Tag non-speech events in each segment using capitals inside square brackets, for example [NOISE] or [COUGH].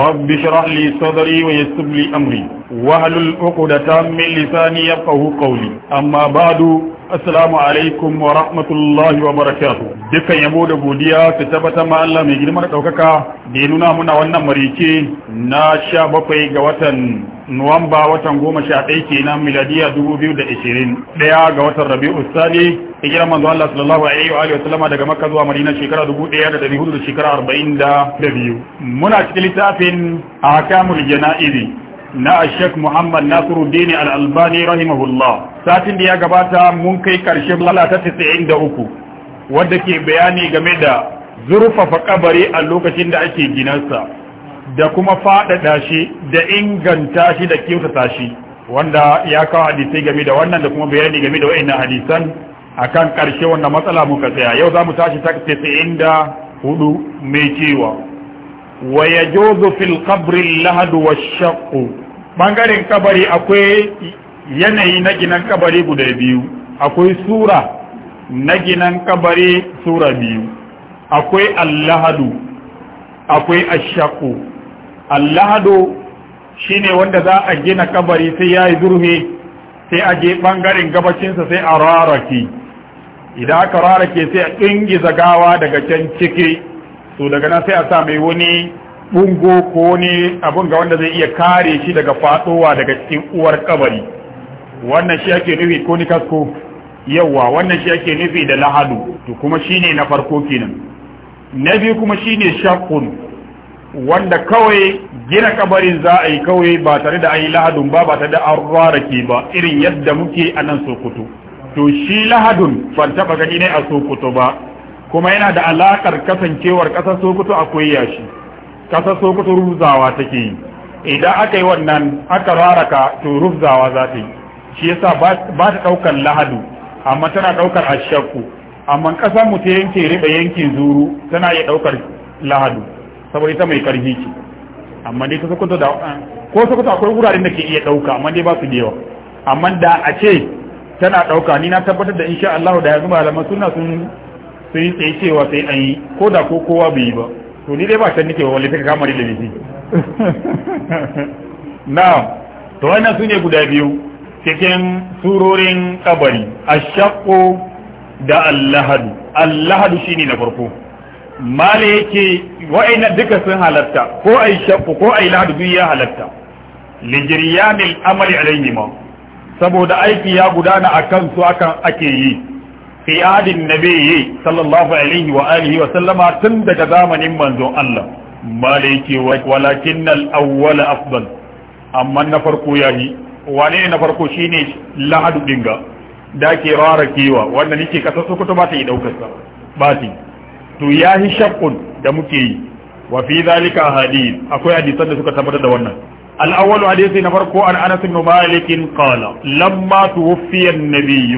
رب اشرح لي صدري ويسر لي امري واحلل عقدة من لساني يفقهوا قولي اما بعد assalamu alaikum wa rahmatullahi wa barakatuh dukan yabo da godiya su tabbata ma Allah mai girma da daukaka da nuna muna wannan marice na 17 ga watan nuwamba watan goma sha ɗaya kenan miladiya dubu biyu da ishirin ɗaya ga watan rabi'u sani hijirar manzo Allah sallallahu alaihi wa alihi wasallama daga makka zuwa madina shekara dubu ɗaya da ɗari hudu da shekara arba'in da biyu muna cikin littafin ahkamul jana'izi na ashek muhammad nasiruddin al-albani rahimahullah satin da ya gabata mun kai karshen lalata tisa'in da uku wadda ke bayani game da zurfafa kabari a lokacin da ake ginarsa da kuma faɗaɗa shi da inganta shi da kyautata shi wanda ya kawo hadisai game da wannan da kuma bayani game da wa'annan hadisan akan ƙarshe wannan matsala muka tsaya yau za mu tashi ta inda hudu mai cewa wa yajuzu fil qabri Lahadu wa shaqqu bangaren kabari akwai yanayi na ginan kabari guda biyu akwai sura na ginan kabari sura biyu akwai allahadu akwai ashaqqu allahado shine wanda za a gina kabari sai ya yi zurhe sai a je ɓangaren gabacinsa sai a rarake idan aka rarake sai a ɗingiza zagawa daga can ciki so daga nan sai a sa mai wani ɓungo ko wani abin ga wanda zai iya kare shi daga fadowa daga cikin uwar kabari wannan shi ake nufi ko ni kasko yawa wannan shi ake nufi da lahadu to kuma shine na farko kenan na biyu kuma shine shakun wanda kawai gina kabarin za a yi kawai ba tare da an yi lahadun ba ba tare da an rarake ba irin yadda muke a nan sokoto to shi lahadun ban taba gani ne a sokoto ba kuma yana da alakar kasancewar kasar sokoto akwai yashi kasar sokoto rufzawa take yi idan aka yi wannan aka raraka to rufzawa za ta yi shi yasa ba ta daukar lahadu amma tana daukar ashakku amma kasar mu ta yanke riba yankin zuru tana iya daukar lahadu saboda ita mai karfi ce amma dai ta sokoto da ko sokoto akwai wuraren da ke iya dauka amma dai ba su da yawa amma da a ce tana dauka ni na tabbatar da insha Allah da yanzu malaman masu sun sun yi tsaye cewa sai an yi ko da ko kowa bai yi ba to ni dai ba can nake wale take kama da laifi [LAUGHS] na to wannan sune guda biyu cikin surorin kabari ashaqqu da allahadu allahadu ne na farko mala yake wa'ina duka sun halatta ko ai shakku ko ai lahadu duk ya halatta lijriyanil amali ma saboda aiki ya gudana akan su akan ake yi fi adin nabiyyi sallallahu alaihi wa alihi wa sallama tun daga zamanin manzon Allah mala yake walakin al-awwal afdal amma na farko yayi wane na farko shine lahadu dinga da ke rara kiwa wanda nake kasar sokoto ba ta yi daukar sa ba ta to yahi shaqqun da muke yi wa fi zalika hadis akwai hadisan da suka tabbatar da wannan al-awwalu hadisi na farko an Anas ibn Malik qala lamma tuwfiya an-nabiy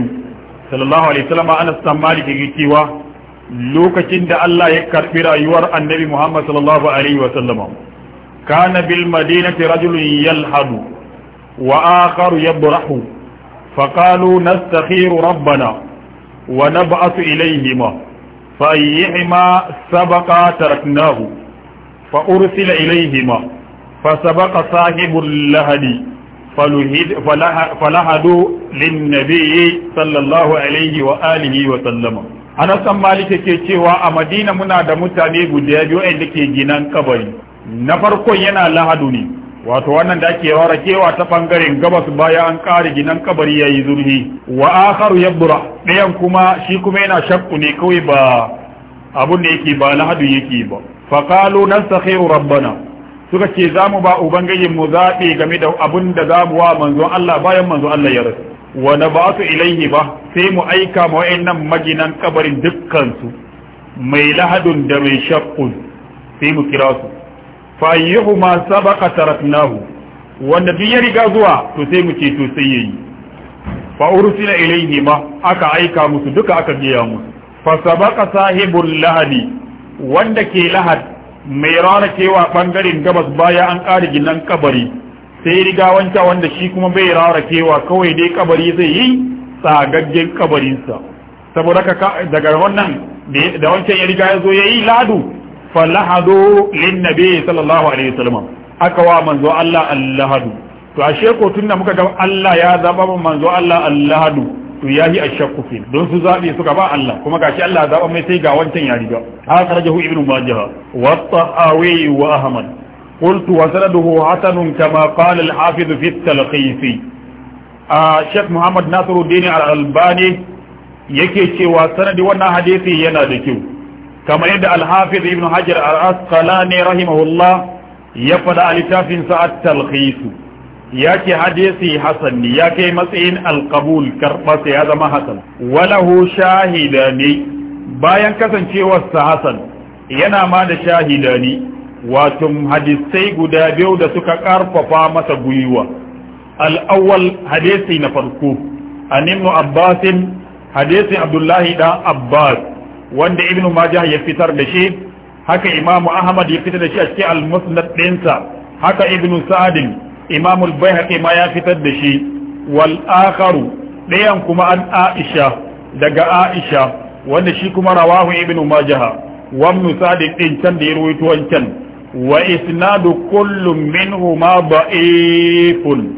sallallahu alaihi wasallam Anas ibn Malik yake cewa lokacin da Allah ya karbi rayuwar Annabi Muhammad sallallahu alaihi wasallam kana bil madinati rajulun yalhadu wa akharu yabrahu فقالوا نستخير ربنا ونبعث hima. فأيهما سبق تركناه فأرسل إليهما فسبق صاحب اللهد فلهدوا للنبي صلى الله عليه وآله وسلم أنا سمى لك كيشيوا أمدين منا دمتاني قد يجوئن لك جنان كبري نفرق ينا لهدني wato wannan da ake yawara kewa ta bangaren gabas baya an kare ginan kabari yayi zurhi wa akharu yabra ɗayan kuma shi kuma yana shakku ne kawai ba abun da yake ba lahadu yake ba qalu nastakhiru rabbana suka ce zamu ba ubangijin mu zabe game da abun da zamu wa manzon Allah bayan manzon Allah ya rasu wa nabatu ilaihi ba sai mu aika ma wayannan maginan kabarin dukkan su mai lahadun da mai shakku sai mu kira su fa ma sabaqa taraknahu wanda duk ya riga zuwa to sai mu ce to sai yayi fa ursila ilayhi ma aka aika musu duka aka biya musu fa sabaqa sahibul lahadi wanda ke lahad mai rana kewa bangaren gabas baya an ƙara ginan kabari sai riga wanta wanda shi kuma bai rara kewa kawai dai kabari zai yi tsagaggen kabarinsa saboda daga wannan da wancan ya riga ya zo ya yi ladu Falahado lin nabi sallallahu alaihi wasallam aka wa manzo Allah allahadu to ashe ko tunda muka ga Allah ya zaba manzo Allah allahadu to yahi ashakku fi don su zabi suka ba Allah kuma gashi Allah zaba mai sai ga wancan ya riga haka rajahu ibnu majah wa tahawi wa ahmad قلت وسنده حسن كما قال الحافظ في التلقيف شيخ محمد ناصر الدين الألباني yake cewa sanadi wannan hadisi yana da kyau kamar yadda alhafiz hafiz ibn hajar al-asqalani rahimahullah ya faɗa a littafin Sa'ad at ya ce hadisi hasan ne ya kai matsayin al-qabul ya zama hasan walahu shahidani bayan kasancewarsa Hassan, hasan yana ma da shahidani wato hadisai guda biyu da suka karfafa masa gwiwa al hadisi na farko an ibn abbas hadisi abdullahi ɗan abbas wanda ibnu majah ya fitar da shi haka imamu ahmad ya fitar da shi a cikin al-musnad dinsa haka ibnu sa'd imam al-baihaqi ma ya fitar da shi wal akharu dayan kuma an aisha daga aisha wanda shi kuma rawahu ibnu majah wa ibnu ɗin din can da ya rawaito wancan wa isnadu kullu minhu ma da'ifun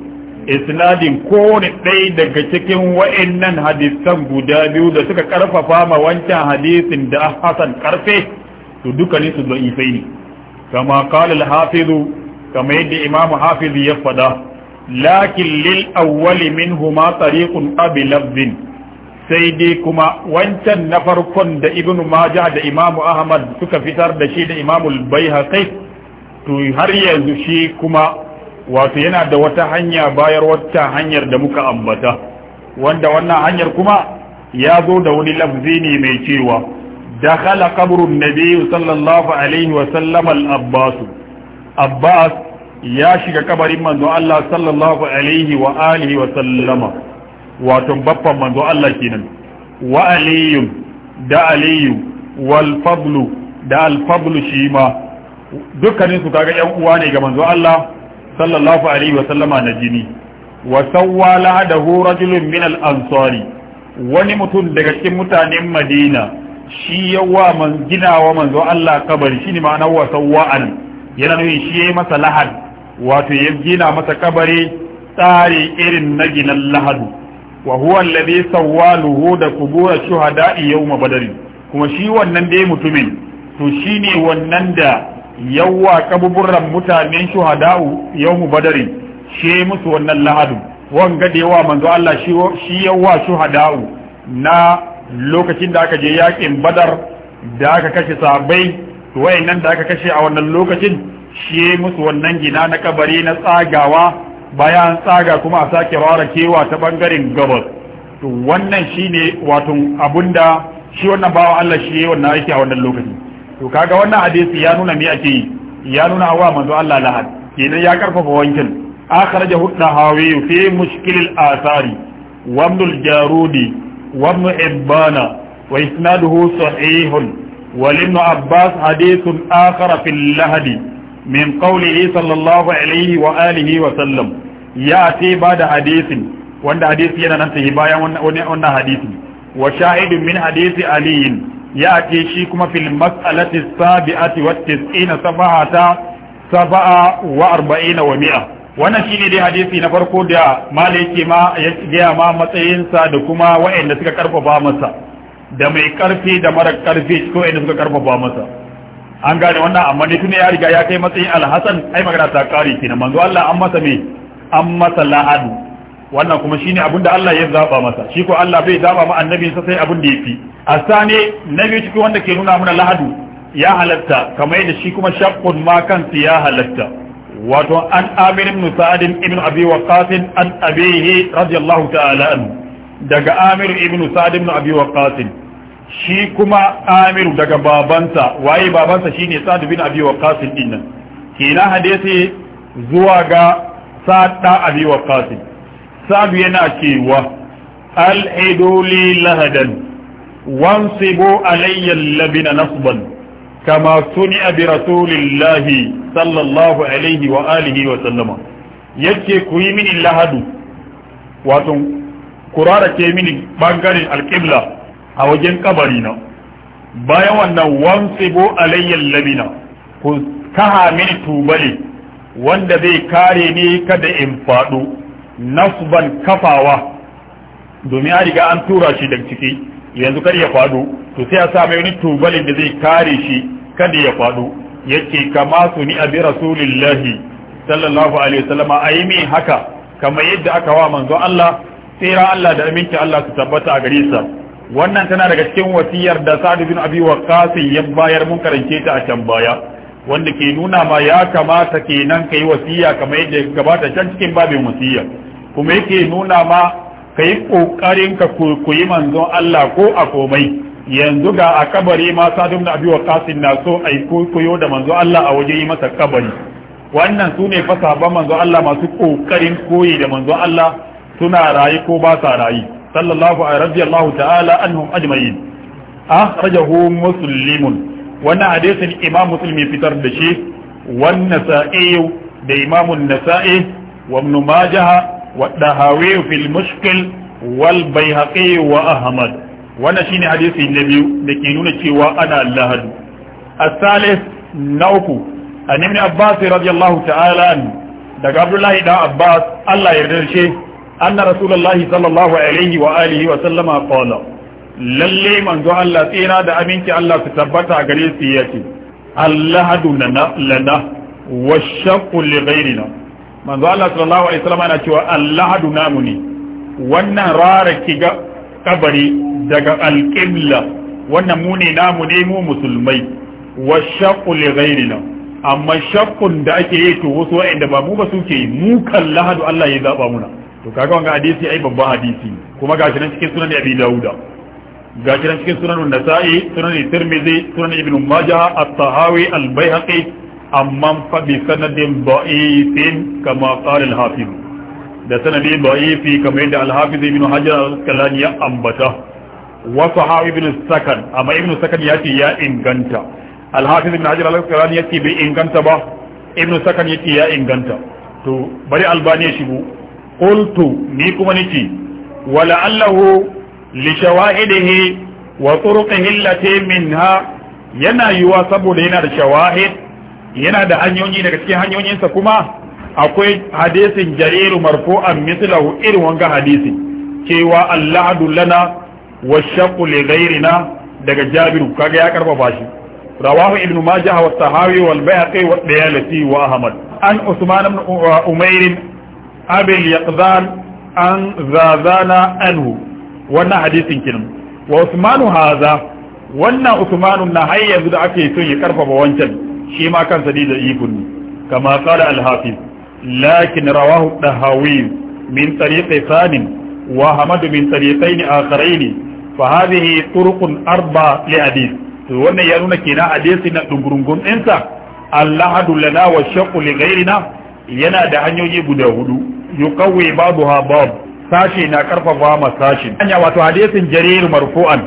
isnadin kowane ɗaya daga cikin wa'annan hadisan guda biyu da suka karfafa ma wancan hadisin da hasan karfe to ne su da'ifai ne kama qala al-hafiz kama yadda imam hafiz ya fada lakin lil awwali min minhuma tariqun abi labdin sai dai kuma wancan na farkon da ibnu maja da imamu ahmad suka fitar da shi da imam al-baihaqi to har yanzu shi kuma wato yana da wata hanya bayar wata hanyar da muka ambata wanda wannan hanyar kuma ya zo da wani lafzi ne mai cewa dakhala qabrun nabiy sallallahu alaihi wa sallam al-abbas abbas ya shiga kabarin manzo Allah sallallahu alaihi wa alihi wa sallama wato babban manzo Allah kenan wa da aliyu wal fadlu da al fadlu shima dukkanin su kaga yan uwa ne ga manzo Allah sallallahu alaihi wa sallama na jini wa sawwa lahadahu rajulun min al-ansari wani mutum daga cikin mutanen Madina shi yawa man ginawa manzo Allah kabari shine ma'anar wa sawwa an yana nufin shi yayi masa lahad wato ya gina masa kabari tsari irin na ginan lahadu wa huwa alladhi sawwaluhu da kubura shuhada'i yawm badr kuma shi wannan dai mutumin to shine wannan da yawwa kabuburran mutanen shuhada'u yawmu badari she musu wannan lahadu wanga da yawa manzo Allah shi yawwa shuhada'u na lokacin da aka je yakin badar da aka kashe sahabbai wayannan da aka kashe a wannan lokacin shi musu wannan gina na kabari na tsagawa bayan tsaga kuma a sake rara kewa ta bangaren gabas to wannan shine wato abunda shi wannan bawa Allah shi wannan aiki a wannan lokacin to kaga wannan hadisi ya nuna me ake yi ya nuna wa manzo Allah lahad kenan ya karfafa wankin akhrajahu an-nahawi fi mushkil al-athari wa ibn al-jarudi wa ibn ibana wa isnaduhu sahih wa ibn abbas hadithun akhar fi al-lahadi min qawlihi sallallahu alayhi wa alihi wa sallam ya'ti ba'da hadithin wanda hadisi yana nan sai bayan wannan hadisi wa shahidun min hadisi aliyin shi kuma mas'alati sabi'ati wa tis'ina السابعة saba'a wa arba'ina wa mi'a. wannan shine dai hadisi na farko da maliki ma ya gaya ma matsayinsa da kuma wa'anda suka karfafa masa da mai karfi da mara karfi ko wa'anda suka karfafa masa an gane wannan amma ne tuni ya riga ya kai matsayin alhassan ai magana ta kare kenan manzo Allah an masa me an masa la'adu wannan kuma shine abin da Allah ya zaba masa shi ko Allah bai zaba ma annabi sa sai abin da yafi asane nabi cikin wanda ke nuna mana lahadu ya halatta kamar yadda shi kuma shaqqun ma kansa ya halatta wato an Amir ibn Sa'd ibn Abi Waqqas an abihi radiyallahu ta'ala daga Amir ibn Sa'd ibn Abi Waqqas shi kuma Amir daga babansa waye babansa shine Sa'd ibn Abi Waqqas din kina hadisi zuwa ga Sa'd ibn Abi Waqqas sabu yana cewa al'idoli lahadan bo alayyar labina nasban kama suni a biratulillahi sallallahu alaihi wa alihi wa sallama yake ku yi mini lahadu wato kurara ke mini bangaren alƙibla a wajen kabarina bayan wannan wansibo alayyar labina ku kaha mini tubali wanda zai kare ni kada in faɗo nasban kafawa domin a riga an tura shi daga ciki yanzu kar ya faɗo to sai a sa mai wani tubalin da zai kare shi kada ya faɗo yake kama su ni abi rasulillahi sallallahu alaihi wasallama ayi mai haka kamar yadda aka wa manzo Allah tsira Allah da aminci Allah su tabbata a gare sa wannan tana daga cikin wasiyar da Sa'd bin Abi Waqqas ya bayar mun karance ta a can baya wanda ke nuna ma ya kamata kenan kai wasiya kamar yadda gabata can cikin babin wasiyar kuma yake nuna ma ka yi ƙoƙarin ka kuyi-kuyi manzon Allah ko a komai yanzu ga a kabari ma sadun da abiwa kasin na so a yi koyo da manzon Allah a waje yi masa kabari wannan su ne fasaban manzon Allah masu ƙoƙarin koyi da manzon Allah suna rayu ko ba sa rayu sallallahu alaihi radiyallahu ta'ala anhum ajma'in ahrajahu muslimun wannan hadisin imam musulmi fitar da shi wannan sa'i da imamun nasa'i wa ibn majah والدهاوي في المشكل والبيهقي وأحمد وانا شيني حديث النبي لكينون شيوا أنا اللهد الثالث نوكو أن ابن عباس رضي الله تعالى عنه دقى عبد الله دا عباس الله يردرشه أن رسول الله صلى الله عليه وآله وسلم قال lalle manzo Allah tsira da aminci Allah su tabbata gare su yake Allah haduna lana wa shaqqu li ghayrina manzo Allah sallallahu alaihi wasallam yana cewa Allahu namuni wannan rara kiga kabari daga alqibla wannan mu ne namu ne mu musulmai wa shaqqu li ghairina amma shaqqun da ake yi to wasu wa'anda ba mu ba suke mu kan lahadu Allah ya zaba muna to kaga wanga hadisi ai babban hadisi kuma gashi nan cikin sunan Abi Dawuda gashi nan cikin sunan Nasa'i sunan Tirmidhi sunan Ibn Majah At-Tahawi Al-Baihaqi amma fa bi sanadin da'ifin kama qala al-hafiz da sanadi da'ifi kama yadda al-hafiz ibn hajar al-asqalani ya ambata wa sahabi ibn sakan amma ibn sakan ya ce ya inganta al-hafiz ibn hajar al-asqalani ya ce bai inganta ba ibn sakan ya ce ya inganta to bari albani ya shigo qultu ni kuma ni nake wala allahu li shawahidihi wa turuqihi allati minha yana yiwa saboda yana da shawahid yana da hanyoyi daga cikin hanyoyinsa kuma akwai hadisin jariru marfu'an mislahu irin wanga hadisi cewa allahu lana wa shaqqu li ghayrina daga jabiru kaga ya karfafa shi rawahu ibnu majah wa sahawi wal bayhaqi wa bayalati wa ahmad an usman ibn uh, umair abil yaqdan an zazana anhu wannan hadisin kinan wa usmanu haza wannan usmanu na har da ake son ya karfafa wancan shi ma kansa dai da ikon ne kama qala al lakin rawahu dahawi min tariqi salim wa Hamadu min tariqayn akharayn fa hadhihi turuqun arba li to wannan ya nuna kenan hadisi na dungurungun ɗinsa al lana wa shaqqu li yana da hanyoyi guda hudu yuqawwi babu bab sashi na karfafa ma sashin hanya wato hadisin jarir marfu'an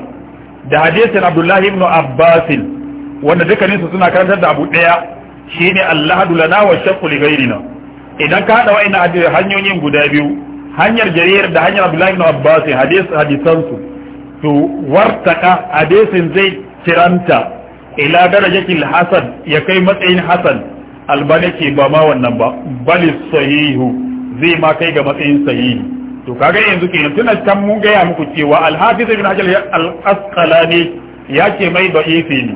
da hadisin abdullahi ibn abbasin wanda dukkaninsu suna karantar da abu ɗaya shine allahadu lana wa shakku li idan ka hada wa'annan hanyoyin guda biyu hanyar jarir da hanyar abdullahi ibn abbas hadis hadisan to wartaka hadisin zai kiranta ila darajatil hasan ya kai matsayin hasan albani ce ba ma wannan ba bali sahihu zai ma kai ga matsayin sahihi to kaga yanzu kenan tuna can mun gaya muku cewa al-hafiz ibn ne al-asqalani ya ce mai da'ifi ne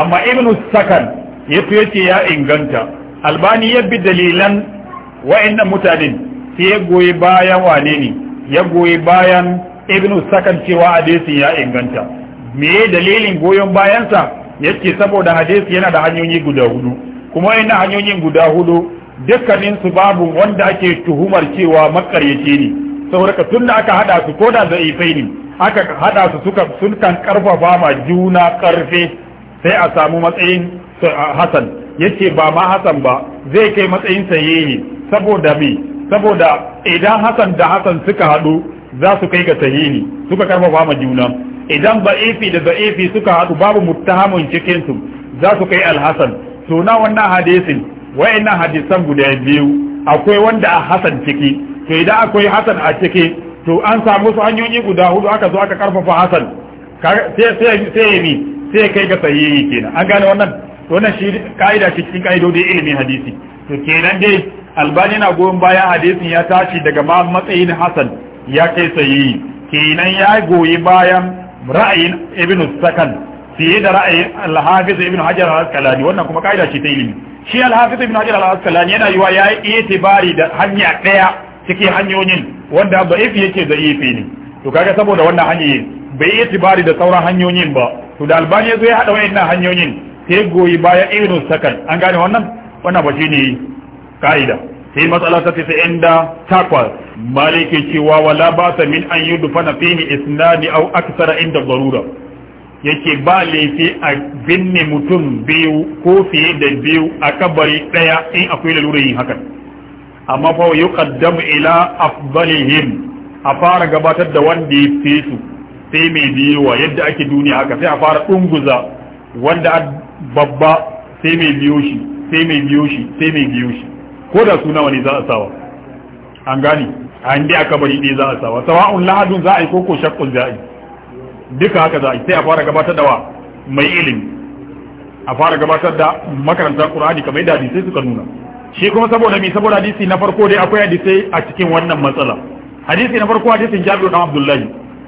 amma ibn sakan ya fi yace ya inganta albani ya bi dalilan wa'annan mutanen sai ya goyi bayan wane ne ya goyi bayan ibnu sakan cewa hadisin ya inganta me dalilin goyon bayansa yake saboda hadisi yana da hanyoyi guda hudu kuma ina hanyoyin guda hudu dukkanin su babu wanda ake tuhumar cewa makaryaci ne saboda tun da aka hada su ko da za'ifai ne aka hada su suka sun kan karfafa ma juna karfe sai a samu matsayin hasan yace ba ma hasan ba zai kai matsayin sahihi saboda me saboda idan hasan da hasan suka hadu za su kai ga sahihi suka karfafa ma juna idan ba Efi da ba Efi suka hadu babu muttahamun cikin su za su kai alhasan to na wannan hadisin wayannan hadisan guda biyu akwai wanda a hasan ciki to idan akwai hasan a ciki to an samu su hanyoyi guda hudu aka zo aka karfafa hasan sai sai sai sai kai ga sahihi kenan an gane wannan wannan shi kaida shi cikin kaidodi ilimin hadisi to kenan dai albani na goyon bayan hadisin ya tashi daga ma matsayin hasan ya kai sahihi kenan ya goyi bayan ra'ayin ibn sakan fiye da ra'ayin al-hafiz ibn hajar al-asqalani wannan kuma kaida ce ta ilimi shi al-hafiz ibn hajar al-asqalani yana yiwa ya yi itibari da hanya daya cikin hanyoyin wanda ba ifi yake da ifi ne to kaga saboda wannan hanyoyi bai yi itibari da sauran hanyoyin ba to da albani ya zo ya hada wayannan hanyoyin sai goyi baya irin sakan an gane wannan wannan ba ne ka'ida sai matsala ta sai inda takwas maliki cewa wala ba ta min an yi dufana fini isnadi au aksara inda darura yake ba laifi a binne mutum biyu ko fiye da biyu a kabari daya in akwai lalurar yin hakan amma fa yuqaddamu ila afdalihim a fara gabatar da wanda ya fi su sai mai biyowa yadda ake duniya haka sai a fara dunguza wanda babba sai mai biyo shi sai mai biyo shi sai mai biyo shi ko da suna wani za a sawa an gani a inda aka bari ɗaya za a sawa sawa'un lahadun za a yi koko shakkun za a yi duka haka za a yi sai a fara gabatar da wa mai ilimi a fara gabatar da makarantar qur'ani kamar yadda hadisai suka nuna shi kuma saboda me saboda hadisi na farko dai akwai hadisai a cikin wannan matsala hadisi na farko hadisin Jabir bin Abdullahi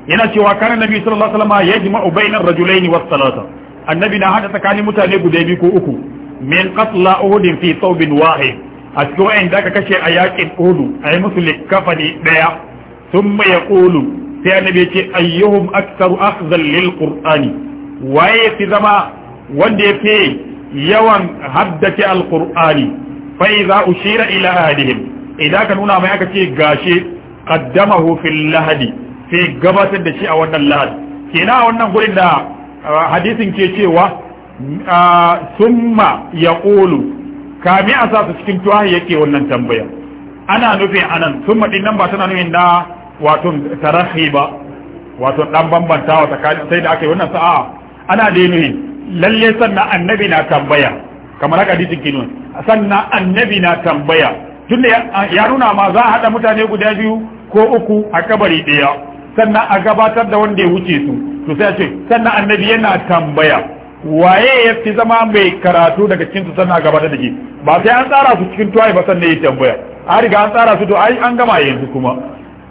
yana cewa kan nabi sallallahu alaihi wasallam yajma'u bainar rajulaini was salata annabi na hada tsakanin mutane guda biyu ko uku min qatla uhud fi thawbin wahid a cikin wayan da aka kashe a yakin uhud ayi musu likafani daya thumma yaqulu sai annabi ya ce ayyuhum aktsaru akhzan lil qur'ani waye fi zama wanda ya fi yawan haddace alqur'ani fa idza ushira ila ahadihim idan ka nuna mai aka ce gashi qaddamahu fil lahadi sai gabatar da shi a wannan lahad kenan a wannan gurin da hadisin ke cewa summa ya ƙolu kami a sa su cikin tuwahi yake wannan tambaya ana nufi anan summa ɗin nan ba tana nufin na wato tarahi ba wato ɗan bambantawa tsakanin sai da aka yi wannan sa'a ana da nufin lalle sannan annabi na tambaya kamar haka hadisin ke nuna sannan annabi na tambaya tunda ya nuna ma za a haɗa mutane guda biyu ko uku a kabari ɗaya sannan a gabatar da wanda ya wuce su to sai a ce sannan annabi yana tambaya waye ya fi zama mai karatu daga cikin su sannan a gabatar da shi ba sai an tsara su cikin tuwaye ba sannan ya tambaya a riga an tsara su to ai an gama yanzu kuma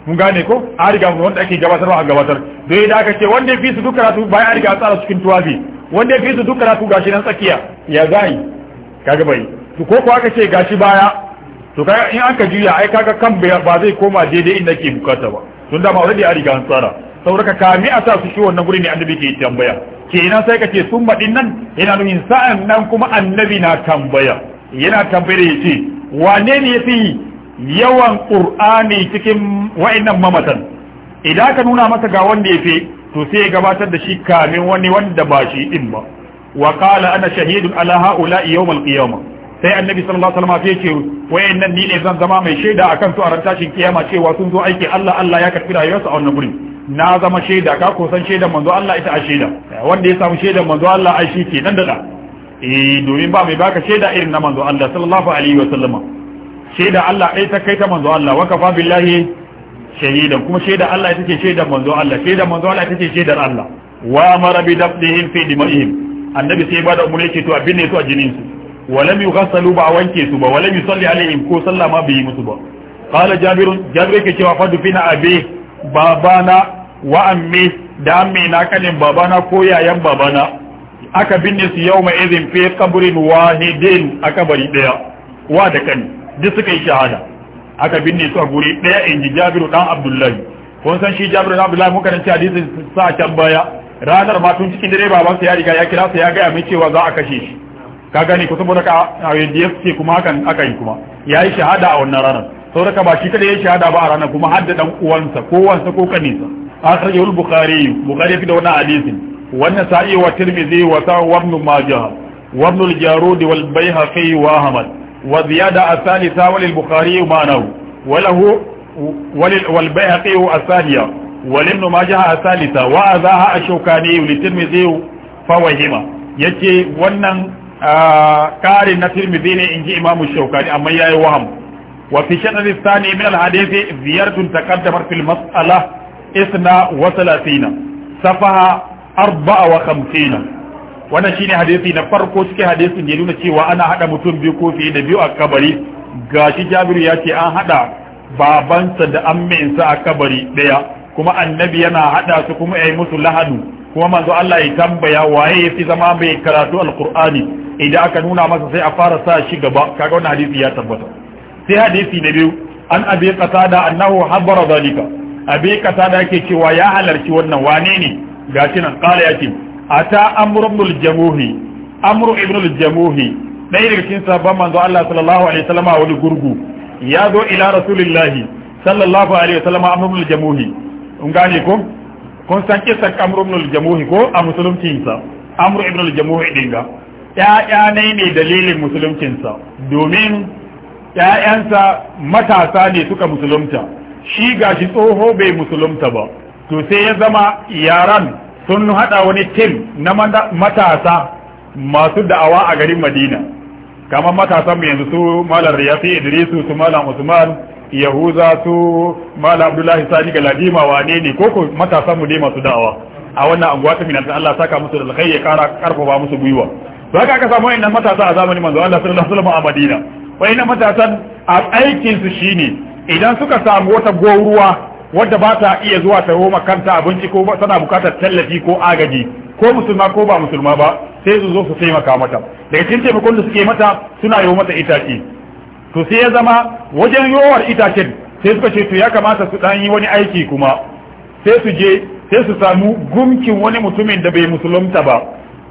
mun gane ko a riga wanda ake gabatar a gabatar don yadda aka ce wanda ya fi su duk karatu bayan a riga an tsara su cikin tuwafi wanda ya fi su duk karatu gashi nan tsakiya ya zai kaga bai to ko ko aka ce gashi baya to kaga in aka juya ai kaga kan ba zai koma daidai inda ke bukata ba tun da ma already an riga an tsara sauraka kami a sa su shi wannan guri ne annabi ke tambaya kenan sai ka ce sun maɗin nan yana nufin sa'an nan kuma annabi na tambaya yana tambayar ya ce wane ne ya fi yawan ƙur'ani cikin wa'inan mamatan idan ka nuna masa ga wanda ya fi to sai ya gabatar da shi kamin wani wanda ba shi din ba wa ƙala ana shahidun ala haula yawm sai annabi sallallahu alaihi wasallam ya ce nan ni ne zan zama mai shaida akan su a ran tashin kiyama cewa sun zo aiki Allah Allah ya karbi rayuwarsu a wannan gurin na zama shaida ka ko san shaidan manzo Allah ita a shaida wanda ya samu shaidan manzo Allah ai shi ke nan da eh domin ba mai baka shaida irin na manzo Allah sallallahu alaihi wasallam shaida Allah ai ta kai ta manzo Allah wa kafa billahi shahidan kuma shaida Allah ita ce shaidan manzo Allah shaidan manzo Allah ita ce shaidar Allah wa amara bi dafnihim fi dima'ihim annabi sai ba da umurni ce to abin ne to a jinin su walam yughassalu ba a wanke su ba walam yusalli alaihim ko sallah ma bai yi musu ba qala jabir jabir yake cewa fa dufina abi babana wa ammi da ammi na kanin babana ko yayan babana aka binne su yawma idhin fi qabrin wahidin aka bari daya wa da kan duk suka yi shahada aka binne su a guri daya inji jabiru dan abdullahi kun san shi jabiru dan abdullahi muka rance hadisin sa can baya ranar ma cikin dare babansa ya riga ya kira sa ya gaya min cewa za a kashe shi ka gani ko saboda ka a yadda ya ce kuma hakan aka yi kuma ya yi shahada a wannan ranar sau ka ba shi kada ya shahada ba a ranar kuma hadda dan uwansa ko wansa ko kaninsa akhrajahu al-bukhari bukhari fi da hadisin wannan sa'i wa tirmidhi wa majah al wal bayhaqi wa ahmad wa ziyada bukhari wa lahu wal bayhaqi wal ibn majah wa azaha ash li tirmidhi yace wannan karin na tirmidhi ne ji imam shaukani amma yayi waham wa fi shadd thani min al ziyartun taqaddamat fil mas'ala isna wa thalathina safaha arba'a wa khamsina wannan shine hadisi na farko cikin hadisi ya nuna cewa ana hada mutum biyu ko fiye da biyu a kabari gashi jabiru ya ce an hada babansa da amminsa a kabari daya kuma annabi yana hada su kuma yayi musu lahadu kuma manzo Allah ya tambaya waye yafi zama mai karatu alqur'ani idan aka nuna masa sai a fara sa shi gaba kaga wannan hadisi ya tabbata sai hadisi na biyu an abi qatada annahu habara zalika abi qatada yake cewa ya halarci wannan wane ne gashi nan qala yake ata amru ibn al-jamuhi amru ibn al-jamuhi dai daga cikin sabon manzo Allah sallallahu alaihi wasallam wani gurgu ya zo ila rasulillahi sallallahu alaihi wasallam amru ibn al-jamuhi gane ko kun san kisan amru ibn al-jamuhi ko a sa amru ibn al-jamuhi dinga ya'ya ne ne dalilin sa domin ya'yansa matasa ne suka musulunta shi ga shi tsoho bai musulunta ba to sai ya zama yaran sun hada wani tim na matasa masu da'awa a garin madina kamar matasan mu yanzu su malam riyasi idrisu su malam usman yahuza su mala abdullahi sani ga ladima wane ne koko matasa mu ne masu da'awa a wannan anguwa ta minanta Allah saka musu da alkhairi ya kara karfafa musu gwiwa to haka aka samu wayannan matasa a zamanin manzo Allah sallallahu alaihi wasallam a Madina wayannan matasan a aikin su shine idan suka samu wata goruwa wadda ba ta iya zuwa ta roma kanta abinci ko tana bukatar tallafi ko agaji ko musulma ko ba musulma ba sai su zo su taimaka mata daga cikin taimakon da suke mata suna yi mata itace to sai ya zama wajen yowar itacen sai suka ce to ya kamata su dan yi wani aiki kuma sai su je sai su samu gumkin wani mutumin da bai musulunta ba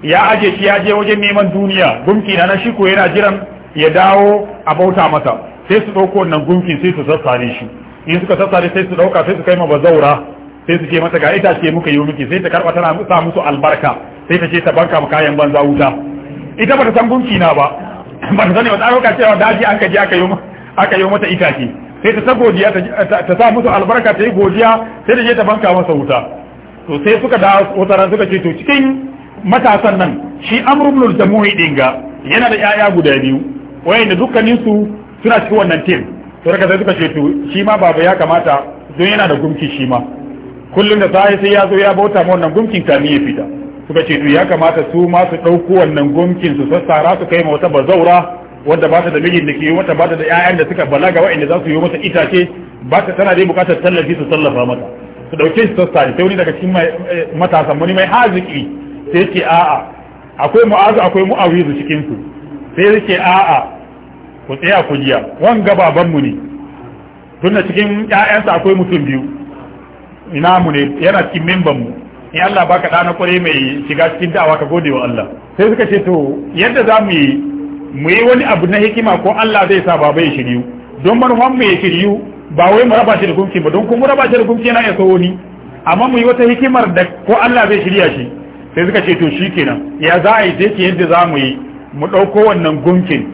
ya aje shi ya je wajen neman duniya gumki na shi ko yana jiran ya dawo a bauta mata. sai su ɗauko wannan gumkin sai su sassare shi in suka sassare sai su ɗauka sai su kai ma bazaura sai su ce mata ga itace muka yi miki sai ta karɓa tana sa musu albarka sai ta ce ta banka ma kayan banza wuta ita bata san gunki na ba ba ta sani ba tsaro ka cewa daji an kaji aka yi aka yi mata itace sai ta sa godiya ta sa musu albarka ta yi godiya sai da je ta banka masa wuta to sai suka da wata ran suka ce to cikin matasan nan shi amru ibn al-jamuhi din yana da yaya guda biyu wayanda dukkanin su suna cikin wannan team to daga sai suka ce to shi ma baba ya kamata don yana da gumki shi ma kullum da sai sai ya zo ya bauta ma wannan gumkin kami ya fita suka ce ya kamata su ma su ɗauko wannan gomkin su sassara su kai ma wata bazaura wadda ba ta da mijin da ke yi mata ba ta da 'ya'yan da suka balaga inda za su yi mata itace ba ta tana dai bukatar tallafi su tallafa mata su ɗauke su sassara sai wani daga cikin eh, matasan wani mai haziki sai ce a'a akwai mu'azu akwai mu'awizu cikin su sai ce a'a ku tsaya ku jiya wanga ban mu ne tunda cikin ƴaƴansa akwai mutum biyu ina mu ne yana cikin memban mu in Allah baka da na mai shiga cikin da'awa ka gode wa Allah sai suka ce to yadda za mu yi mu yi wani abu na hikima ko Allah zai sa baba ya shiryu don manufan mu ya shiryu ba wai mu raba shi da gunki ba don kuma raba shi da gunki yana ya so wani amma mu yi wata hikimar da ko Allah zai shirya shi sai suka ce to shikenan ya za a yi sai yadda za mu yi mu ɗauko wannan gunkin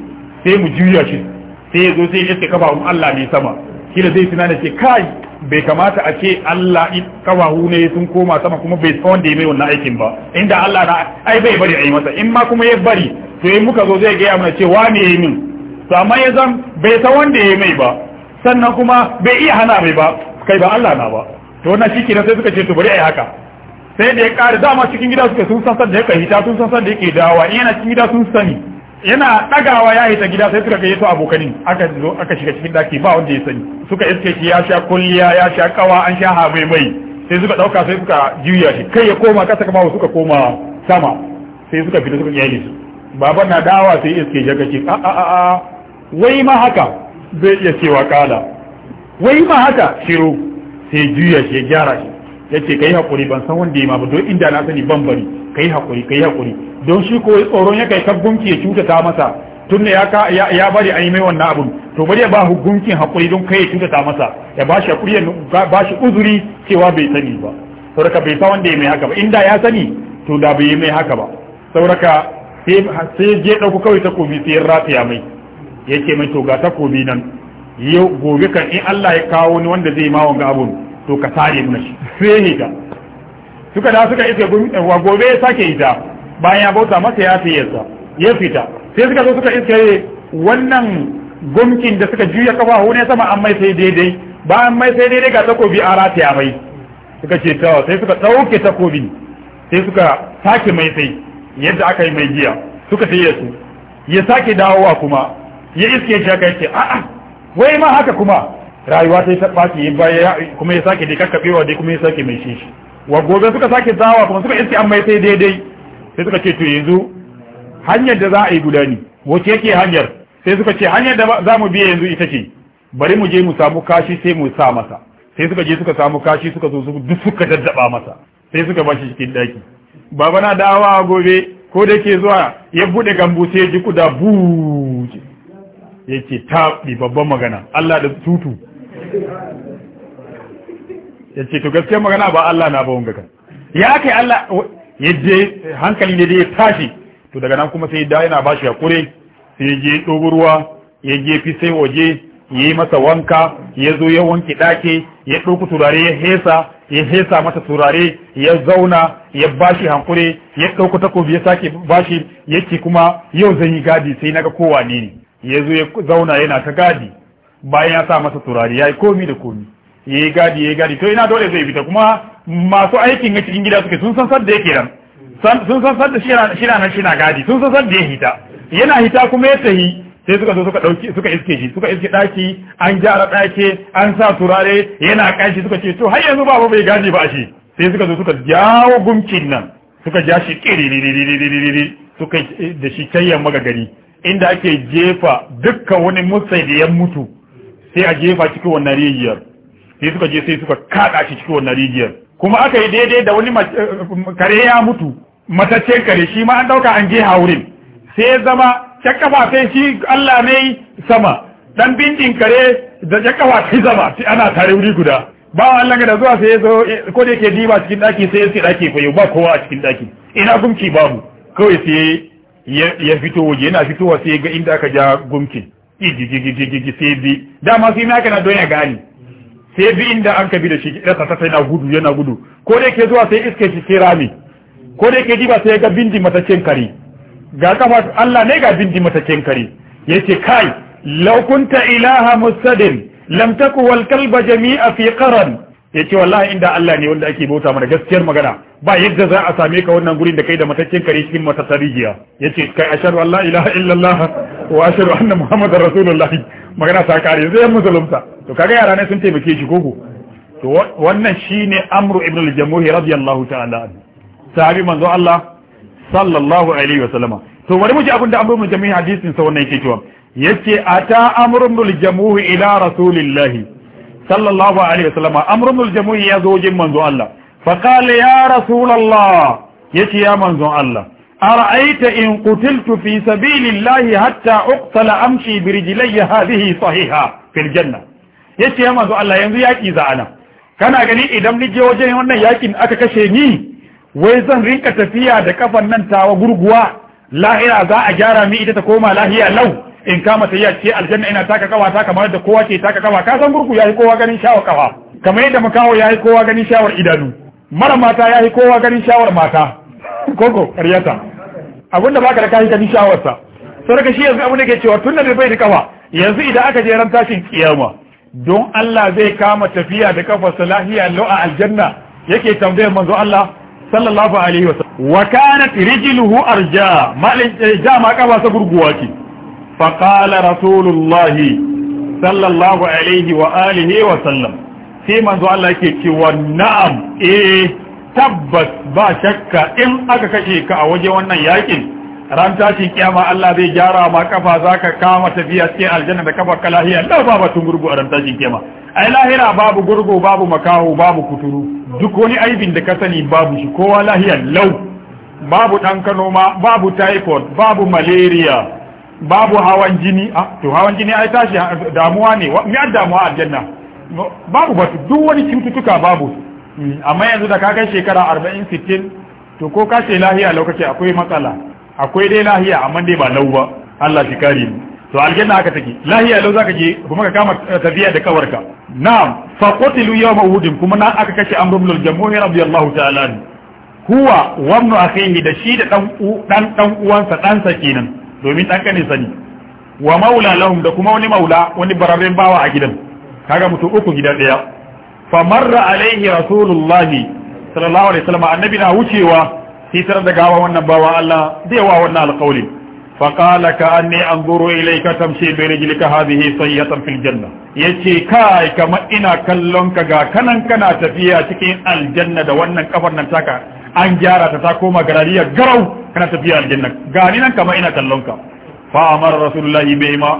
sai mu juya shi sai ya zo sai ya iske kafa Allah ne sama kila zai tunana ce kai bai kamata a ce Allah in kawahu ne sun koma sama kuma bai san wanda ya mai wannan aikin ba inda Allah na ai bai bari ai masa in ma kuma ya bari to in muka zo zai gaya mana ce ya yi min to amma ya zan bai san wanda ya mai ba sannan kuma bai iya hana mai ba kai ba Allah na ba to wannan shi kenan sai suka ce to bari ai haka sai da ya kare dama cikin gida suka sun san da kai hita sun san da yake dawa in yana cikin gida sun sani yana ɗagawa ya ta gida sai suka ga yato abokanin aka zo aka shiga cikin daki ba wanda ya sani suka iske shi ya sha kulliya ya sha kawa an sha habai mai sai suka ɗauka sai suka juya shi kai ya koma kasa kama suka koma sama sai suka fita suka yayi su baban na dawa sai iske jaga ce a a a wai ma haka bai iya cewa kala wai ma haka shiru sai juya shi ya gyara shi yace kai hakuri ban san wanda ya ma ba don inda na sani ban bari kai hakuri kai hakuri don shi ko tsoron ya kai gunki ya cuta ta masa tun da ya bari a yi mai wannan abun to bari ya ba gunkin hakuri don kai ya cuta ta masa ya ba shi hakuri ya ba shi uzuri cewa bai sani ba sauraka bai sa wanda ya mai haka ba inda ya sani to da bai yi mai haka ba sauraka sai je ɗauko kawai takobi sai ya rafiya mai yake mai to ga takobi nan yau gobe kan in Allah ya kawo ni wanda zai ma wanga abun to ka sare mun shi [LAUGHS] sai ne suka da suka iske wa gobe ya sake ita bayan ya bauta masa ya fiye sa ya fita sai suka zo suka iske wannan gumkin da suka juya kafafu hune sama an mai sai daidai bayan mai sai daidai ga takobi a rataya mai suka ce ta sai suka ɗauke takobi sai suka sake mai sai yadda aka yi mai giya suka fiye su ya sake dawowa kuma ya iske shi aka yake a'a wai ma haka kuma rayuwa sai ta ɓaci kuma ya sake dai kakkaɓewa dai kuma ya sake mai shi wa gobe suka sake zawa kuma suka iske an mai sai daidai sai suka ce to yanzu hanyar da za a yi guda ne wace yake hanyar sai suka ce hanyar da za mu biya yanzu ita ce bari mu je mu samu kashi sai mu sa masa sai suka je suka samu kashi suka zo su duk suka daddaba masa sai suka bashi cikin daki baba na dawa gobe ko da ke zuwa ya bude gambu sai ji kuda buje yake tabi babban magana Allah da tutu ya ce to gaskiyar magana ba Allah na ba wanga kan ya kai Allah yadda hankali ne da ya tashi to daga nan kuma sai da yana bashi hakuri sai ya je doguruwa ruwa ya je fi sai waje ya yi masa wanka ya zo ya wanke ɗaki ya ɗauki turare ya hesa ya hesa masa turare ya zauna ya bashi hankure ya ɗauki takobi ya sake bashi yake kuma yau zan yi gadi sai naga kowa ne ne ya zo ya zauna yana ta gadi bayan ya sa masa turare ya yi komi da komi yi gadi yi gadi to ina dole zai fita kuma masu aikin na cikin gida suke sun san sadda yake nan sun san sadda shi na nan shi na gadi sun san sadda ya hita yana hita kuma ya tahi sai suka zo suka dauki suka iske shi suka iske daki an gyara daki an sa turare yana kanshi suka ce to har yanzu babu bai gadi ba shi sai suka zo suka jawo gumkin nan suka ja shi kiri suka da shi can yamma ga gari inda ake jefa dukkan wani musai da ya mutu sai a jefa cikin wannan rijiyar sai suka je sai suka kada shi cikin wannan rijiyar kuma aka yi daidai da wani kare ya mutu matacce kare shi ma an dauka an je haurin sai zama cakkafa sai shi Allah ne sama dan bindin kare da cakkafa sai zama sai ana tare wuri guda ba wa Allah da zuwa sai zo ko da yake diba cikin daki sai sai ce daki fa ba kowa a cikin daki ina gumki babu kawai sai ya fito waje yana fitowa sai ga inda aka ja gumki gigi gigi gigi sai bi dama sai na kana don ya gani sai bi inda an ka bi da shi rasa ta yana gudu yana gudu ko dai ke zuwa sai iske shi sai rami ko da yake diba sai ga bindi matacen kare ga kafa Allah ne ga bindi kari kare yace kai laukunta ilaha musadin lam taku wal kalba jami'a fi qaran ce wallahi inda Allah ne wanda ake bauta mana gaskiyar magana ba yadda za a same ka wannan gurin da kai da matacin kari cikin matasarijiya ce kai ashhadu an la ilaha illallah wa ashhadu anna muhammadar rasulullahi magana ta kare zai musulunta to kaga yara ne sun taimake shi koko to wannan shine amru ibn al-jamuhi radiyallahu ta'ala anhu sahabi manzo Allah sallallahu alaihi wa wasallama to bari mu ji abinda amru ibn al-jamuhi hadisin sa wannan yake cewa yace ata amru ibn al-jamuhi ila rasulillah sallallahu alaihi wasallama amru ibn al-jamuhi ya zo jin manzo Allah fa qala ya rasulullah yace ya manzo Allah أرأيت إن قتلت في سبيل الله حتى أقتل أمشي برجلي هذه صحيحة في الجنة yace ya mazu Allah yanzu yaki za ana kana gani idan nije wajen wannan yakin aka kashe ni wai zan rinka tafiya da kafan nan tawa gurguwa lahira za a gyara mi ita ta koma lahiya lau in kama tafiya ce aljanna ina taka kawa kamar da kowa ke taka kawa ka san gurgu yayi kowa ganin shawar kawa kamar yadda makawo yayi kowa ganin shawar idanu mara mata yayi kowa ganin shawar mata koko karyata abinda ka da kashi ka bi shawarsa sarka shi yanzu abinda ke cewa tun da bai da kafa yanzu idan aka je ran tashin kiyama don Allah zai kama tafiya da kafarsa lahiya lau a aljanna yake tambayar manzo Allah sallallahu alaihi wa sallam wa kanat rijluhu arja malin eh, ja ma sa gurguwa ce fa qala rasulullah sallallahu alaihi wa alihi wa sallam sai manzo Allah yake cewa na'am eh tabbas ba shakka in aka kashe ka a waje wannan yakin ran tashin kiyama Allah zai gyara ma kafa zaka kama tafiya ce aljanna da kafa kalahiya Allah ba batun gurgu a ran tashin kiyama ai lahira babu gurgu babu makaho babu kuturu duk wani aibin da ka sani babu shi kowa lahiya lau babu dan Kano ma babu typhoid babu malaria babu hawan jini ah to hawan jini ai tashi damuwa ne me damuwa aljanna babu batu duk wani cututtuka babu Mm. amma yanzu da ka kai shekara arba'in sittin to ko ka ce lahiya lokaci akwai matsala akwai dai lahiya amma dai ba lau ba Allah shi kare mu to aljanna haka take lahiya lau zaka je kuma ka kama eh, tafiya da kawarka na'am fa lu yawma uhud kuma na aka kashe amr ibn al-jamuhi radiyallahu ta'ala huwa wa ibn akhihi da shi da dan dan uwansa dan sa kenan domin dan kane sani wa maula lahum da kuma wani maula wani bararren bawa a gidan kaga mutum uku gida ɗaya. famarra alaihi rasulullahi sallallahu alaihi wasallam annabi na wucewa sai tarar da gawa wannan bawa Allah zai wa wannan alƙawli fa qala ka anni anzuru ilayka tamshi bi rijlika hadhihi sayyatan fil janna yace kai kamar ina kallon ka ga kanan kana tafiya cikin aljanna da wannan kafar nan taka an gyara ta ta koma garariya garau kana tafiya aljanna gani nan kamar ina kallon ka fa amara rasulullahi bai ma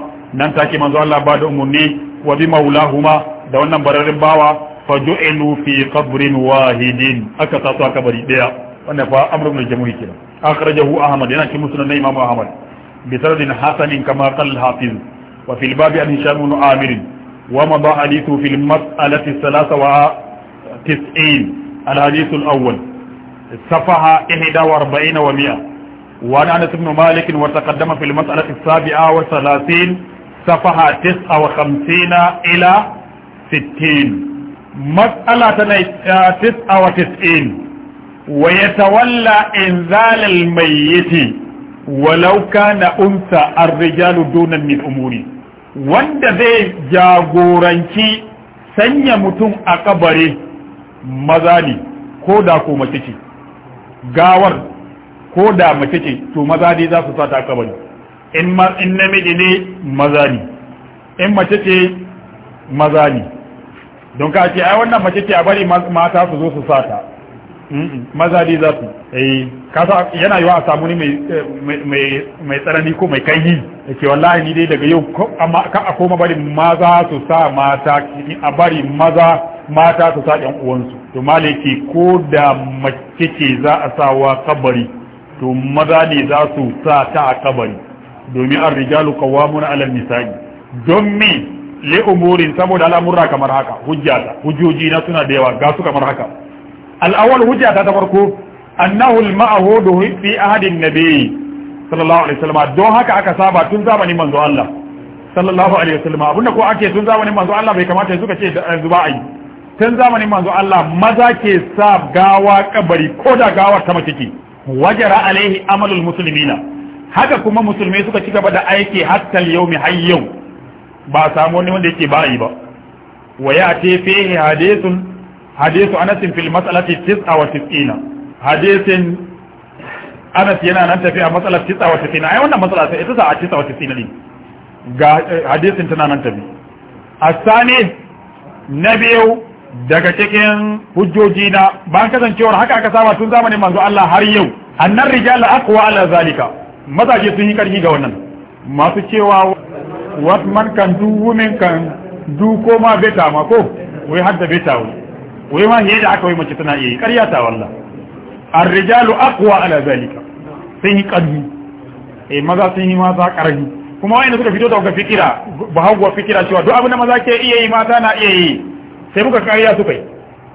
nan take manzo Allah ba da umurni wa bi maulahuma da wannan bararrin bawa فجعلوا في قبر واحد أكتاتوا كبري بيع ونفا أمر من الجمهور كده أخرجه أحمد يعني مسلم الإمام أحمد بسرد حسن كما قال الحافظ وفي الباب ان هشام بن عامر ومضى حديثه في المسألة الثلاثة وتسعين الحديث الأول صفحة 41 و100 وعن أنس بن مالك وتقدم في المسألة السابعة وثلاثين صفحة 59 إلى 60 matsala ta na tis'a wa tis'in wa ya tawalla inzalal mayyiti walau na umsa ar-rijalu duna min umuri wanda zai jagoranci sanya mutum a kabari, maza ne ko da ko mace ce gawar ko da mace ce to maza ne za su sata a kabari in namiji ne maza ne in mace ce maza ne don ka ce ai wannan mace ce a bari mata su zo su sata maza dai za su eh kasa yana yiwa a samu ni eh, mai mai tsanani ko mai kaihi ke wallahi ni dai daga yau amma ka a koma bari maza su sa mata a bari maza mata su sa uwan uwansu to malaki ko da mace ce za a sawa kabari to maza ne za su sa ta a kabari domin ar rijalu qawwamuna ala an-nisa' don me li umurin saboda al'amurra kamar haka hujjata hujjoji na suna da yawa ga su kamar haka al'awwal hujjata ta farko annahu al-ma'hudu fi ahadin nabiy sallallahu alaihi wasallam don haka aka saba tun zamanin manzo Allah sallallahu alaihi wasallam abinda ko ake tun zamanin manzo Allah bai kamata suka ce yanzu ba ai tun zamanin manzo Allah maza ke sa gawa kabari ko da gawa ta mace ce wajara alaihi amalul muslimina haka kuma musulmai suka ci gaba da aiki hatta yau mi har yau ba samu wani wanda yake ba'i ba wa ya ce fihi hadithun hadithu anas fil mas'alati 99 hadithin anas yana nan tafiya mas'alar 99 ai wannan mas'ala sai ita sa 99 ne ga eh, hadithin tana nan tafi asani na biyu daga cikin hujjoji na ban kasancewar haka aka saba tun zamanin manzo Allah har yau annar rijal aqwa ala zalika mazaje sun yi karfi ga wannan masu cewa wat man kan du wumen kan du ko ma beta ma ko wai hadda beta wu wai ma yeda aka we mace tana iya kariya ta walla ar-rijalu aqwa ala zalika sai yi ƙarfi e maza sai ni maza ƙarfi kuma wayanda suka fito daga fikira ba hawo fikira cewa duk abin da maza ke iya yi mata na iya yi sai muka ƙarya suka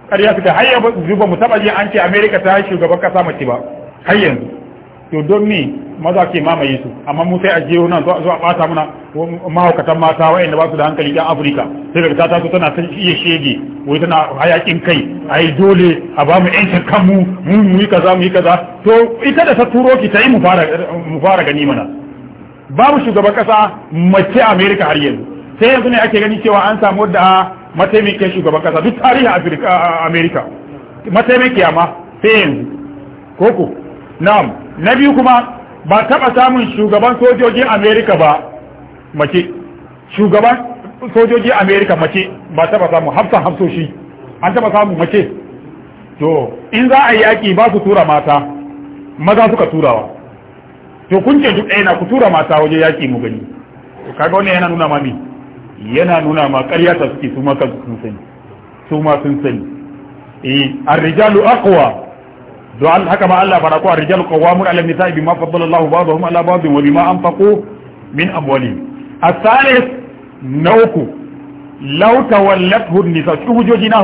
kariya ƙarya suka har yanzu zuba mu taba ji an ce America ta shugaban kasa mace ba har yanzu to don ni maza ke mamaye su amma mu sai a jiyo zo a bata muna mahaukatan mata wa'anda ba su da hankali ɗan afirka sai daga ta su tana san iya shege wai tana hayakin kai a dole a ba mu yancin kanmu mu yi kaza mu yi kaza to ita da ta turo ki ta yi mu fara gani mana babu shugaban kasa mace amerika har yanzu sai yanzu ne ake gani cewa an samu da mataimakin shugaban kasa duk tarihin amerika mataimakiya ma sai yanzu koko na'am na biyu kuma ba taɓa samun shugaban sojojin amerika ba mace shugaban sojojin amerika mace ba taɓa samun hafsan hafsoshi an taɓa samun mace to in za a yi yaki ba su tura mata maza suka turawa to kun ce duk ɗaya na ku tura mata waje yaki mu gani kaga wannan yana nuna mami yana nuna ma ƙarya ta suke su ma sun sani su ma sun sani eh ar-rijalu aqwa don haka ba Allah fara ko rijal qawamun ala nisa'i bima faddala Allahu ba'dahum ala ba'dhin wa bima anfaqu min amwalihim as-salis nauku law tawallathu an-nisa su hujoji na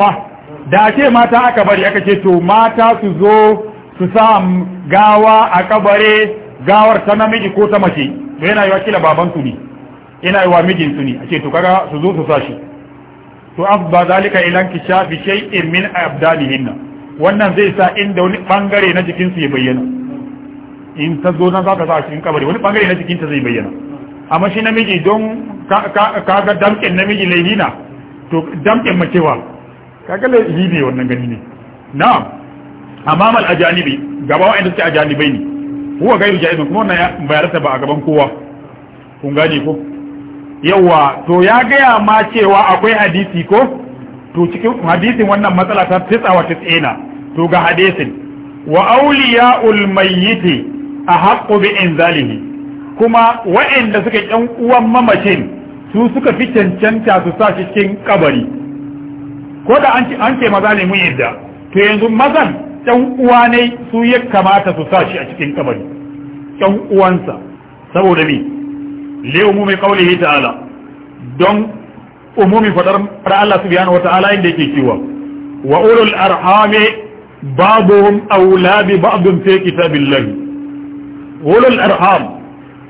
da ce mata aka bari aka ce to mata su zo su sa gawa a kabare gawar ta namiji ko ta mace to yana yi wa kila baban su ne yana yi wa mijin su ne a ce to kaga su zo su sa shi to afba zalika ilan kishafi shay'in min abdalihinna wannan zai sa inda wani bangare na jikinsu ya bayyana in ta zo nan za ka a cikin kabari wani bangare na jikinta zai bayyana amma shi namiji don ka ga damkin namiji laifi to damkin macewa kaga laifi ne wannan gani ne na amma mal ajanibi gaba wa'anda suke ajanibai ne huwa gairu jaizun kuma wannan ta ba a gaban kowa kun gane ko yawa to ya gaya ma cewa akwai hadisi ko to cikin hadisin wannan matsala ta tisa ta tsena, to ga hadisin wa awliya'ul a ahaqqu bi inzalihi kuma wa'anda suka yan uwan mamacin su suka fi cancanta su sa shi cikin kabari ko da an ce an ce mazalimin yadda to yanzu mazan yan uwa ne su ya kamata su sa shi a cikin kabari yan uwansa saboda me mu umumi qawlihi ta'ala don umumi fadar Allah subhanahu wataala inda yake cewa wa ulul arhami ba'dhum awla bi ba'd fi kitabillah ulul arham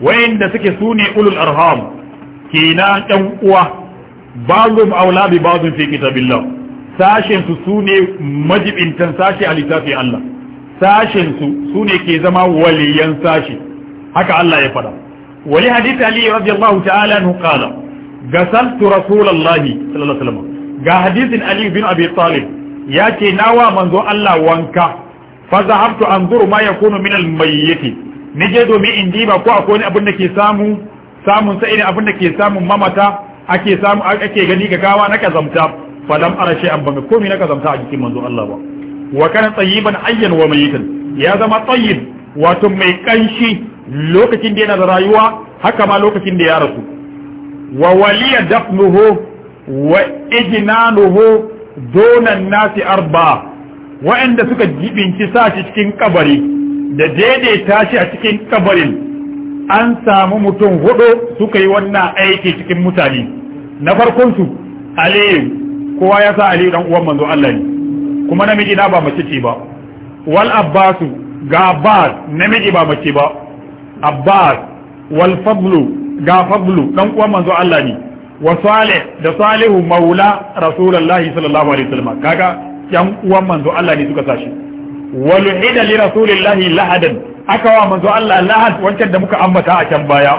wayanda suke sune ulul arham kina dan uwa ba'dhum awla bi ba'd fi kitabillah sashin su sune majibintan sashi a littafi Allah sashin su sune ke zama waliyan sashi haka Allah ya fada wali hadith ali radiyallahu ta'ala anhu qala gasaltu rasulullahi sallallahu alaihi wasallam ga hadisin Aliyu bin abi talib yace nawa manzo Allah wanka fa zahabtu anzuru ma yakunu min almayyit nije domin in diba ko akwai wani abin da ke samun sai abin da ke samun mamata ake gani ga gawa na kazamta fa lam ara shay'an ban komai na kazamta a jikin manzo Allah ba wa kana tayyiban ayyan wa mayyitan ya zama tayyib wato mai ƙanshi lokacin da yana da rayuwa haka ma lokacin da ya rasu wa waliya dafnuhu wa ijnanuhu donan nasi arba wa'anda suka sa sashi cikin kabari da daidaita shi a cikin kabarin an samu mutum hudu suka yi wannan aiki cikin mutane na farkon su aliyu kowa ya sa aliyu dan uwan manzo Allah ne kuma namiji na ba mace ce ba wal abbasu ga abbas namiji ba mace ba abbas wal fadlu ga fablu dan uwan manzo Allah ne wa salih da salihu maula rasulullahi sallallahu alaihi wasallam kaga yan uwan manzo Allah ne suka sashi walhida li rasulillahi lahadan aka wa manzo Allah lahad wancan da muka ambata a can baya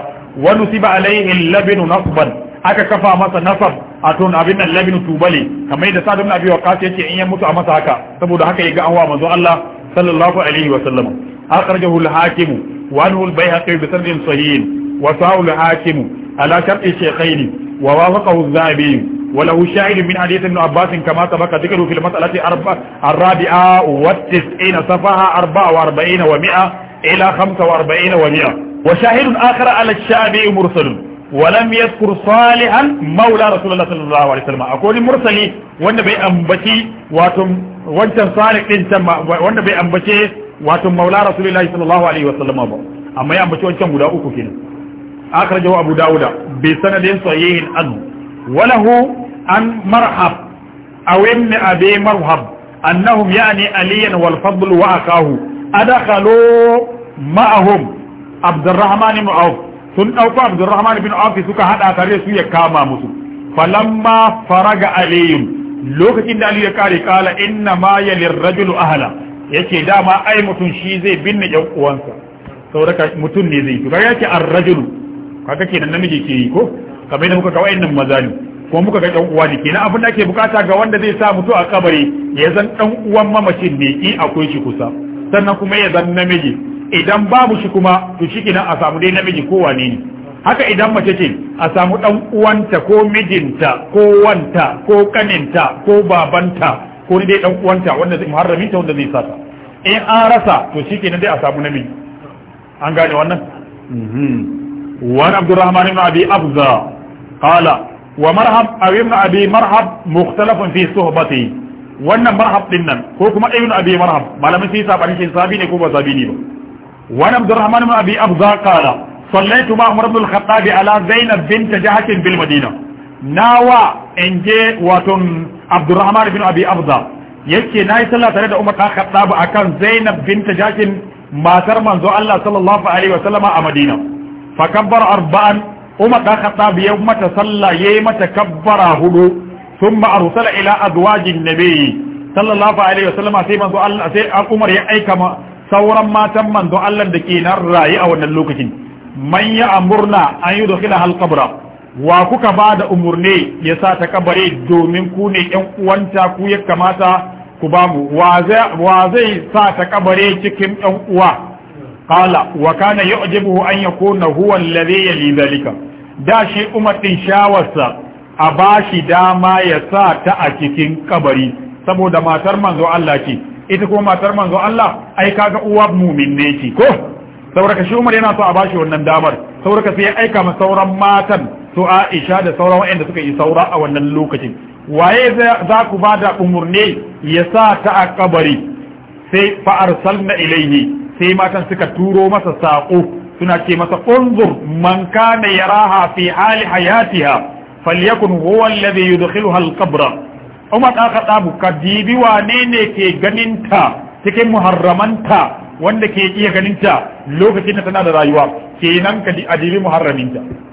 wa nusiba alaihi labinu nasban aka kafa masa nasab a tun abin nan labinu tubali kamar yadda sadu ibn abi waqas yace in ya mutu a masa haka saboda haka yaga an wa manzo Allah sallallahu alaihi wasallam akhrajahu al-hakim wa anhu al-bayhaqi bi sanadin sahih وصاول حاكم على شرط الشيخين ووافقه الذهبي وله شاهد من حديث ابن عباس كما سبق ذكره في المسألة الرابعة والتسعين صفحة 44 و100 إلى 45 و100 وشاهد آخر على الشعبي مرسل ولم يذكر صالحا مولى رسول الله صلى الله عليه وسلم أقول مرسلي وانا بي أنبتي واتم وانت صالح انت وانا بي أنبتي واتم مولى رسول الله صلى الله عليه وسلم أبا. أما يا أنبتي وانت مولى أكو كنا akhrajahu abu dawud bi sanadin sahih an walahu an marhab aw ibn abi marhab annahum ya'ni aliyan wal fadl wa akahu adkhalu ma'ahum abdurrahman ibn auf sun dauko abdurrahman ibn auf suka hada tare su ya kama musu falamma faraga aliyun lokacin da Ali ya kare kala inna ma yalir rajulu ahla yake dama ai mutum shi zai binne yan uwansa saboda mutum ne zai to kaga yake ar-rajulu kaga kenan namiji ke yi ko kamar yadda muka ga wayannan maza ne ko muka ga dan uwa ne kenan abin da ake bukata ga wanda zai sa mutu a kabari ya zan dan uwan mamacin ne in akwai shi kusa sannan kuma ya zan namiji idan babu shi kuma to shi kenan a samu dai namiji ko wane ne haka idan mace ce a samu dan uwanta ko mijinta ko wanta ko kaninta ko babanta ko dai dan uwanta wanda zai muharrami ta wanda zai sata in an rasa to shi kenan dai a samu namiji an gane wannan mm-hmm. وعن عبد الرحمن بن أبي أفزى قال ومرحب أو ابن أبي مرحب مختلف في wannan marhab din ko kuma ibn abi marhab malamin sai sabani ko ba sabi ne ba wani abdurrahman ibn abi abza qala sallaitu ma umar ibn al ala zainab bint jahsh bil madina nawa inje wato abdurrahman ibn abza yake na sallah tare da umar ibn khattab akan zainab bint jahsh matar manzo Allah sallallahu alaihi wasallama a madina fa arba'an umar da khattab ya mata sallah yayi mata kabbara hudu thumma arsala ila azwajin nabiy sallallahu alaihi wasallam sai manzo Allah sai umar ya aika ma sauran matan manzo Allah da ke nan rayi a wannan lokacin man ya amurna an yi hal halkabra wa kuka ba da umurne ya sa ta kabare domin ku ne yan uwanta ku ya kamata ku ba mu wa zai sa ta kabare cikin yan uwa qala wa kana yu'jibuhu an yakuna huwan alladhi yali zalika da shi umar din shawarsa a bashi dama ya sa ta a cikin ƙabari. saboda matar manzo Allah ce ita kuma matar manzo Allah ai ga uwa mumin ne ce ko saboda shi umar yana so a ba shi wannan damar saboda sai ya aika ma sauran matan su Aisha da sauran waɗanda suka yi saura a wannan lokacin waye za ku ba da umurni ya sa ta a kabari sai fa arsalna ilaihi sai matan suka turo masa saƙo suna ce masa unzur man kana yaraha fi hali hayatiha falyakun huwa alladhi yudkhiluha al-qabra Umar da Khattab kadibi wane ne ke ganin ta cikin muharramanta wanda ke iya ganin ta lokacin da tana da rayuwa kenan kadi adibi muharraminta